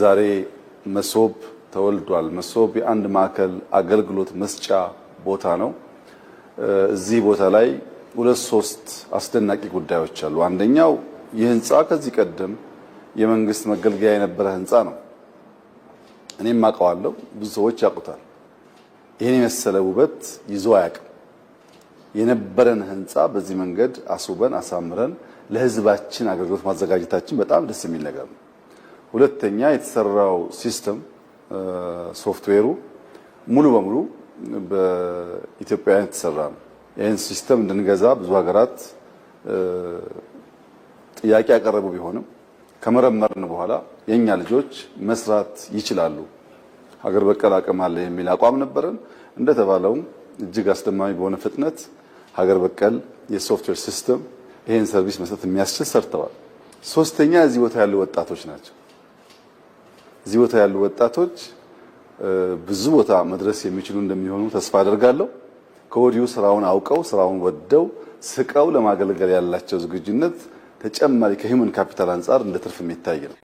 ዛሬ መሶብ ተወልዷል። መሶብ የአንድ ማዕከል አገልግሎት መስጫ ቦታ ነው። እዚህ ቦታ ላይ ሁለት ሶስት አስደናቂ ጉዳዮች አሉ። አንደኛው ይህ ህንፃ ከዚህ ቀደም የመንግስት መገልገያ የነበረ ህንፃ ነው። እኔም አውቀዋለሁ፣ ብዙ ሰዎች ያውቁታል። ይህን የመሰለ ውበት ይዞ አያውቅም። የነበረን ህንፃ በዚህ መንገድ አስውበን አሳምረን ለህዝባችን አገልግሎት ማዘጋጀታችን በጣም ደስ የሚል ነገር ነው። ሁለተኛ የተሰራው ሲስተም ሶፍትዌሩ ሙሉ በሙሉ በኢትዮጵያውያን የተሰራ ነው። ይህን ሲስተም እንድንገዛ ብዙ ሀገራት ጥያቄ ያቀረቡ ቢሆንም ከመረመርን በኋላ የእኛ ልጆች መስራት ይችላሉ፣ ሀገር በቀል አቅም አለ የሚል አቋም ነበረን። እንደተባለውም እጅግ አስደማሚ በሆነ ፍጥነት ሀገር በቀል የሶፍትዌር ሲስተም ይህን ሰርቪስ መስጠት የሚያስችል ሰርተዋል። ሶስተኛ እዚህ ቦታ ያሉ ወጣቶች ናቸው። እዚህ ቦታ ያሉ ወጣቶች ብዙ ቦታ መድረስ የሚችሉ እንደሚሆኑ ተስፋ አደርጋለሁ። ከወዲሁ ስራውን አውቀው ስራውን ወደው ስቀው ለማገልገል ያላቸው ዝግጁነት ተጨማሪ ከሂውመን ካፒታል አንጻር እንደ ትርፍ የሚታይ ነው።